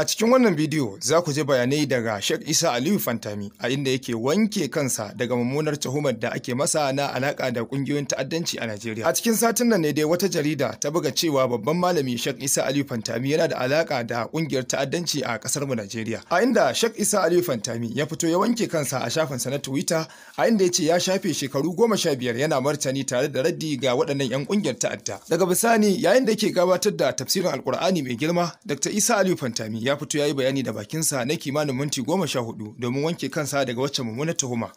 A cikin wannan bidiyo za ku je bayanai daga Sheikh Isa Aliyu Fantami a inda yake wanke kansa daga mummunar tuhumar da ake masa na alaka da kungiyoyin ta'addanci a Najeriya. A cikin satin nan ne dai wata jarida ta buga cewa babban malami Sheikh Isa Aliyu Fantami yana da alaka da kungiyar ta'addanci a kasar mu Najeriya. A inda Sheikh Isa Aliyu Fantami ya fito ya wanke kansa a shafin sa na Twitter a inda ya ce ya shafe shekaru goma sha biyar yana martani tare da raddi ga waɗannan 'yan kungiyar ta'adda. Daga bisani yayin da yake gabatar da tafsirin Alkur'ani mai girma Dr. Isa Aliyu Fantami ya fito ya yi bayani da bakinsa na kimanin minti goma sha hudu domin wanke kansa daga wacce mummunar tuhuma.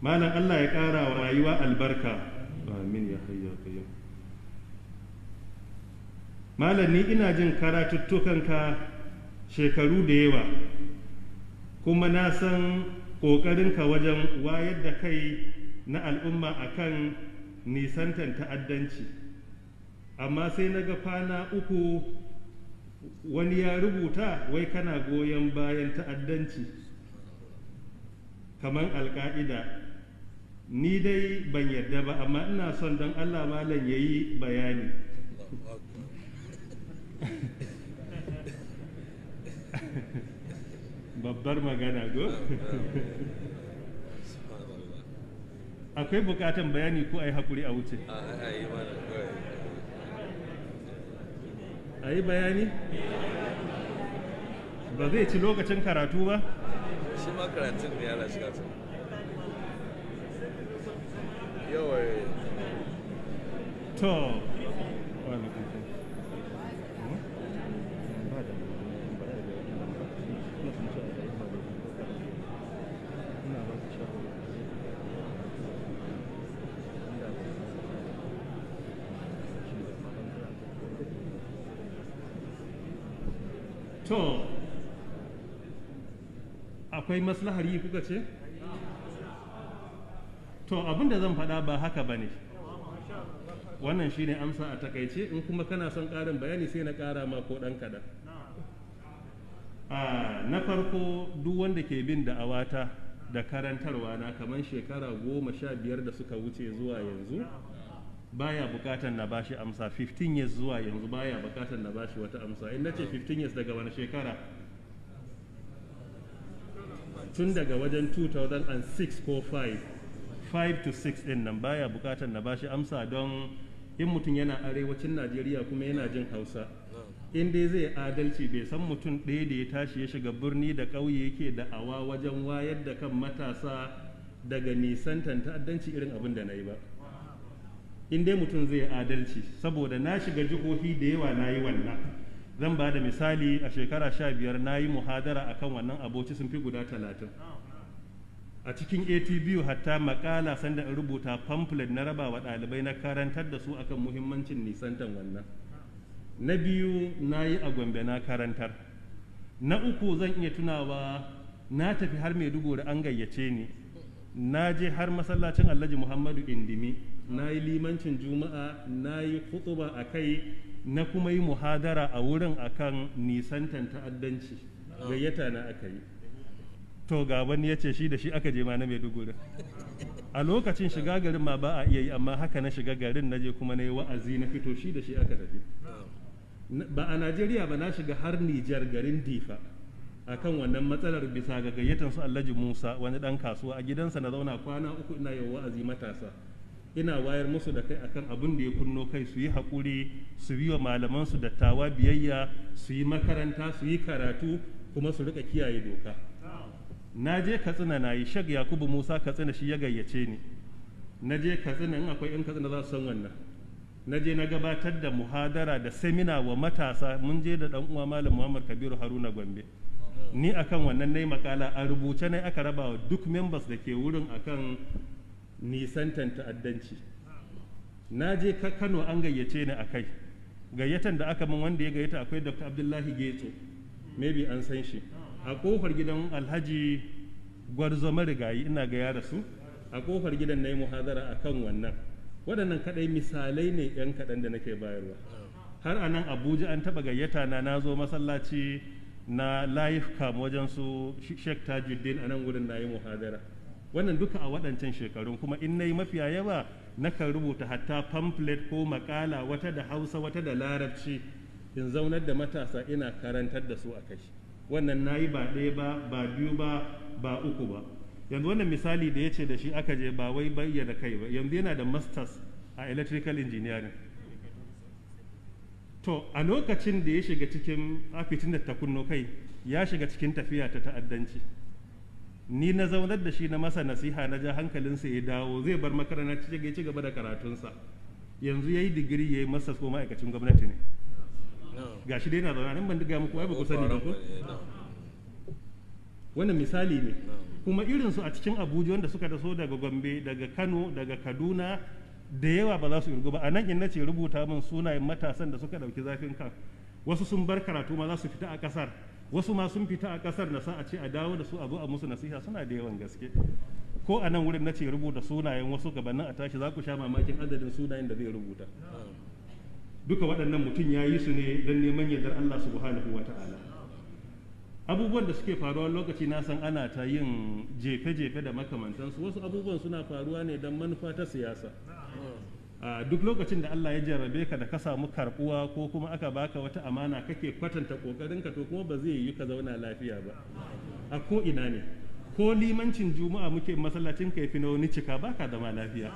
Malam Allah ya ƙara wa rayuwa albarka. Amin ya hayya Malam ni ina jin karatuttukanka shekaru da yawa kuma na san ƙoƙarinka wajen wayar da kai na al'umma akan nisantan ta'addanci. Amma sai na ga kwana uku wani ya rubuta wai kana goyon bayan ta'addanci kamar alka'ida ni dai ban yarda ba amma ina son don allah malam ya yi bayani babbar magana go akwai bukatan bayani ko a yi haƙuri a wuce a yi bayani ba zai ci lokacin karatu ba shi ma karatun ne yana shiga tun to to akwai maslahar yi kuka ce to abin zan faɗa ba haka ba ne wannan shi ne amsa a takaice in kuma kana son ƙarin bayani sai na ƙara ma ko ɗan kaɗan ah, na farko duk wanda ke bin da'awata da karantarwa na kamar shekara goma sha biyar da suka wuce zuwa yanzu baya bukatar na bashi amsa 15 years zuwa yanzu baya bukatar na bashi wata amsa in nace 15 years daga wani shekara tun daga wajen 2006 ko 5 5 to 6 din nan baya bukatar na bashi amsa don in mutum yana arewacin najeriya kuma yana jin hausa in dai zai adalci bai san mutum ɗaya da ya tashi ya shiga birni da ƙauye yake da awa wajen wayar da kan matasa daga nisan ta'addanci irin abin da na yi ba in dai mutum zai adalci saboda na shiga jihohi da yawa na yi wannan zan ba da misali a shekara sha biyar na yi muhadara akan wannan aboci sun fi guda talatin a cikin atb hatta makala sanda in rubuta pamphlet na raba wa ɗalibai na karantar da su akan muhimmancin nisantan wannan na biyu na yi a gombe na karantar na uku zan iya tunawa na tafi har maiduguri an gayyace ni na je har masallacin alhaji muhammadu indimi na yi limancin juma'a na yi kutuba a kai na kuma yi muhadara a wurin akan nisantan ta'addanci gayyata na aka yi to ga wani ya ce shi da shi aka je ma na maiduguri a lokacin shiga garin ma ba a iya yi amma haka na shiga garin na je kuma na yi wa'azi na fito shi da shi aka tafi ba a najeriya ba na shiga har nijar garin difa akan wannan matsalar bisa ga gayyatar su alhaji musa wani dan kasuwa a gidansa na zauna kwana uku ina yi wa'azi matasa ina wayar musu da kai akan abin da ya kunno kai su yi haƙuri su yi wa malamansu dattawa biyayya su yi makaranta su yi karatu kuma su rika kiyaye doka na je katsina na yi shag yakubu musa katsina shi ya gayyace ni na je katsina in akwai 'yan katsina za su san wannan na je na gabatar da muhadara da semina wa matasa mun je da dan uwa malam muhammad kabiru haruna gombe ni akan wannan nayi makala a rubuce ne aka raba wa duk members da ke wurin akan nisantan ta'addanci na je kano an gayyace ni a kai gayyatan da aka min wanda ya gayyata akwai dr abdullahi getso maybe an san shi a kofar gidan alhaji gwarzo marigayi ina gaya da su a kofar gidan na yi muhazara a kan wannan waɗannan kaɗai misalai ne 'yan kaɗan da nake bayarwa har a nan abuja an taɓa gayyata na na zo masallaci na laif kam wajen su sheikh tajuddin a nan wurin na yi muhadara wannan duka a waɗancan shekarun kuma in nayi mafiya yawa kan rubuta hatta pamphlet ko makala wata da hausa wata da larabci in zaunar da matasa ina karantar da su a kai wannan nayi ba ɗaya ba ba biyu ba ba uku ba yanzu wannan misali da ya ce da shi aka je ba wai bayyana kai ba yanzu yana da masters a electrical engineering to a lokacin da ya shiga cikin afitin da ta kunno kai ya shiga cikin tafiya ta ta'addanci ni na zaunar da shi na masa nasiha na ja hankalinsa ya dawo zai bar makaranta ya ci gaba da karatunsa yanzu ya yi digiri ya yi masa ko ma'aikacin gwamnati ne ga shi dai na zaune ban diga muku wai ba ku sani ba ko Wani misali ne kuma irin su a cikin Abuja wanda suka taso daga Gombe daga Kano daga Kaduna da yawa ba za su irgu ba a nan in nace rubuta min sunayen matasan da suka dauki zafin kan wasu sun bar karatu ma za su fita a kasar wasu ma sun fita a kasar na sa a ce a dawo da su a zo a musu nasiha suna da yawan gaske ko a nan wurin na ce rubuta sunayen wasu gabanin a tashi za ku sha mamakin adadin sunayen da zai rubuta duka waɗannan mutum ya yi su ne don neman yardar Allah subhanahu wa ta'ala abubuwan da suke faruwa lokaci na san ana ta yin jefe-jefe da makamantansu wasu abubuwan suna faruwa ne don manufa ta siyasa duk lokacin da Allah ya jarrabe ka da ka samu karbuwa ko kuma aka baka wata amana kake kwatanta kokarinka to kuma ba zai yi ka zauna lafiya ba a ko ina ne ko limancin juma'a muke masallacin kai cika baka da ma lafiya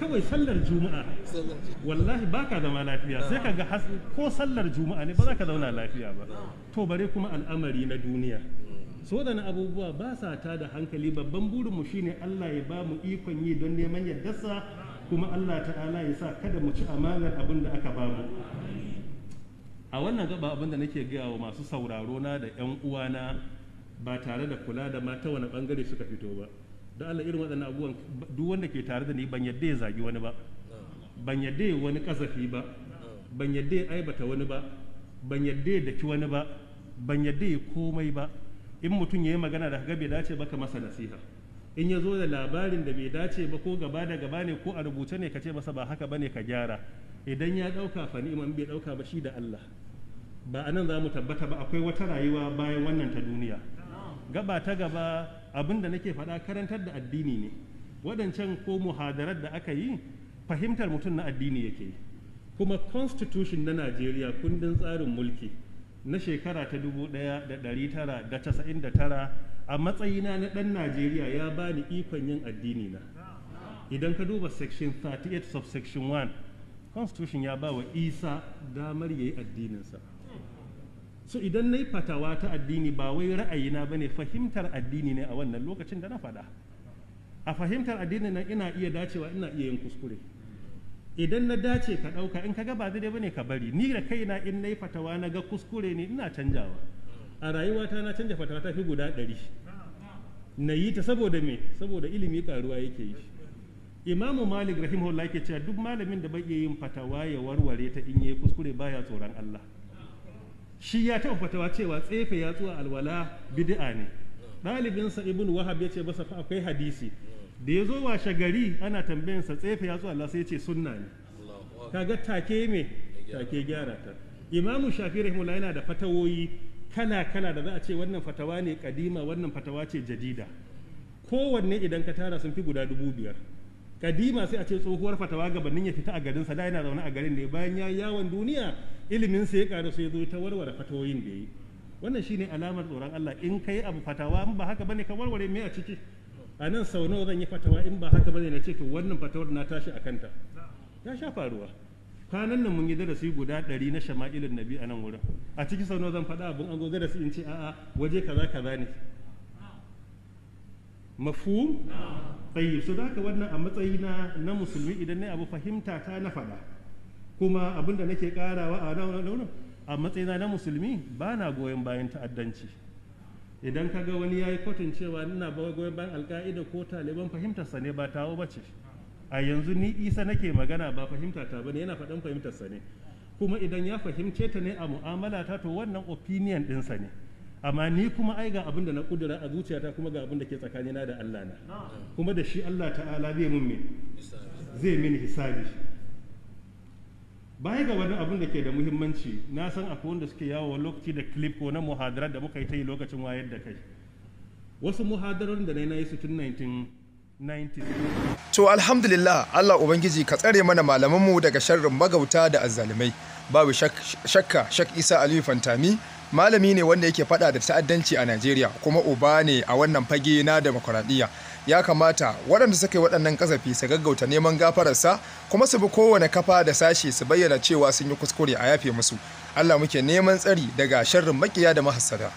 kawai sallar juma'a wallahi baka da ma lafiya sai ka ga ko sallar juma'a ne ba za ka zauna lafiya ba to bare kuma al'amari na duniya so da abubuwa ba sa ta da hankali babban burinmu shine Allah ya ba mu ikon yi don neman yardarsa kuma Allah ta'ala ya sa kada mu ci amanar abin da aka bamu a wannan gaba abin da nake gaya wa masu sauraro na da 'yan uwana ba tare da kula da mata wani bangare suka fito ba da Allah irin waɗannan abubuwan duk wanda ke tare da ni ban yadda ya zagi wani ba ban yadda wani kasafi ba ban yadda ya aibata wani ba ban yadda ya daki wani ba ban yadda ya komai ba in mutum ya yi magana da gabe dace ba ka masa nasiha in ya zo da labarin da bai dace ba ko gaba da gaba ne ko a rubuce ne ka ce masa ba haka bane ka gyara idan ya dauka fa ni'man bai dauka ba shi da Allah ba anan za mu tabbata ba akwai wata rayuwa bayan wannan ta duniya gaba ta gaba abin da nake faɗa karantar da addini ne waɗancan ko muhadarar da aka yi fahimtar mutum na addini yake kuma constitution na najeriya kundin tsarin mulki na shekara ta 1999 a matsayina na ɗan najeriya ya bani ikon yin addini na idan ka duba section 38 subsection 1 constitution ya ba wa isa damar ya yi addininsa so idan na yi fatawa ta addini ba wai ra'ayina ba ne fahimtar addini ne a wannan lokacin da na faɗa a fahimtar addini na ina iya dacewa ina iya yin kuskure idan na dace ka ɗauka in ka ga ba daidai ba ne ka bari ni da kaina in na yi fatawa na ga kuskure ne ina canjawa a rayuwata na canja fatawa ta fi guda ɗari na yi ta saboda me saboda ilimi karuwa yake yi imamu malik rahimahullah ke cewa duk malamin da bai yin fatawa ya warware ta in yi kuskure baya tsoron allah shi ya taɓa fatawa cewa tsefe ya tsuwa alwala bid'a ne ɗalibinsa ibn wahab ya ce basa akwai hadisi da ya zo washe gari ana tambayansa tsefe ya tsuwa allah sai ya ce sunna ne kaga take me take gyara ta imamu shafi rahimahullah yana da fatawoyi kala kala da za a ce wannan fatawa ne kadima wannan fatawa ce jadida kowanne idan ka tara sun fi guda dubu biyar kadima sai a ce tsohuwar fatawa gabanin ya fita a garin sa da yana zaune a garin ne bayan ya yawon duniya ilimin sa ya karu sai ya zo ta warware fatawoyin da yi wannan shine alamar tsoron Allah in kai abu fatawa in ba haka bane ka warware me a ciki a nan sau nawa zan yi fatawa in ba haka bane na ce to wannan fatawar na tashi a kanta ya sha faruwa kwanan nan mun yi darasi guda ɗari na shama'ilin nabi a nan wurin a ciki sau zan faɗa abin an zo darasi in ce a'a waje kaza kaza ne mafu tsayi su da wannan a matsayi na musulmi idan ne abu fahimta ta na faɗa kuma abin da nake karawa a nan a matsayina na musulmi ba na goyon bayan ta'addanci idan ka ga wani ya yi kotun cewa ina goyon bayan alka'ida ko taliban fahimtarsa ne ba tawo ba ce a yanzu ni isa nake magana ba fahimta ta bane yana faɗin fahimtarsa ne kuma idan ya fahimce ta ne a mu'amala ta to wannan opinion ɗinsa ne amma ni kuma ai ga abin na kudura a zuciyata kuma ga abinda da ke tsakanina da Allah na kuma da shi Allah ta'ala zai mun min zai min hisabi baya ga wani abin da ke da muhimmanci na san akwai wanda suke yawo lokaci da clip ko na muhadarar da muka yi ta yi lokacin wayar da kai wasu muhadarar da na yi su tun 19 To alhamdulillah Allah Ubangiji ka tsare mana malamanmu daga sharrin magauta da azzalumai. Babu shakka Shak Isa Aliyu Fantami malami ne wanda yake fada da ta'addanci a Najeriya kuma uba ne a wannan fage na demokuraɗiyya. Ya kamata waɗanda suka yi waɗannan kasafi su gaggauta neman gafararsa kuma su bi kowane kafa da sashe su bayyana cewa sun yi kuskure a yafe musu. Allah muke neman tsari daga sharrin makiya da mahassada.